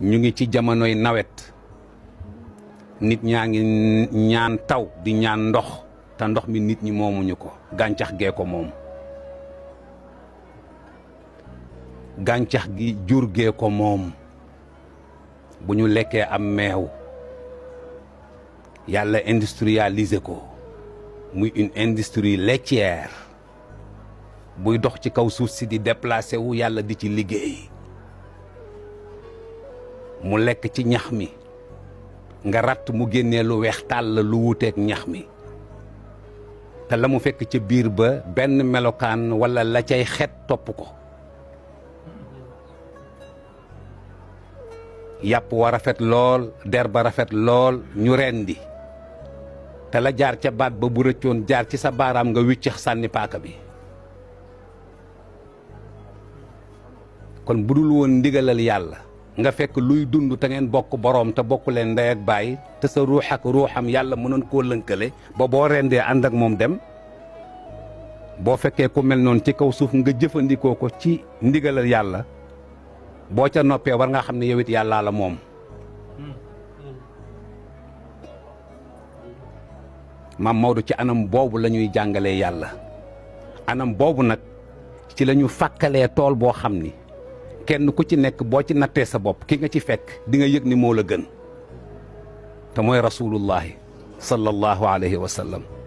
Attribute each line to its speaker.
Speaker 1: ñu ngi ci jamonoy nawet nit ñaa ngi ñaan taw di ñaan ndox te ndox mi nit ñi moomuñu ko gàncax gee ko moom gàncax gi jur gee ko moom bu ñu lekkee am meew yàlla industrialisé ko muy une industrie laitière buy dox ci kaw suuf si di déplacé wu yàlla di ci liggéey mu kecil ci ñax mi nga ratt mu génnee lu weex tàll lu wuuteeg ñax mi te la mu fekk ca biir ba benn melokaan wala la cay xet topp ko yàpp wa rafet lool der ba rafet ñu rendi te la jaar ca baat ba bu rëccoon jaar ci sa nga paaka bi kon budul woon nga fekk luy dund te ngeen bokk boroom te bokku leen ndey baay te sa ruux ak ruuxam yàlla mënoon koo lënkale ba boo rendee ànd ak moom dem boo fekkee ku mel noonu ci kaw suuf nga jëfandikoo ko ci ndigalal yàlla boo ca noppee war nga xam ne yowit it yàllaa la moom maam Maodo ci anam boobu la ñuy jàngalee yàlla anam boobu nag ci lañu ñu fàkkalee tool boo xam ni kenn ku ci nekk boo ci nattee sa bopp ki nga ci fekk di nga yëg ni moo la gën te mooy rasulullahi sallallahu alayhi wa sallam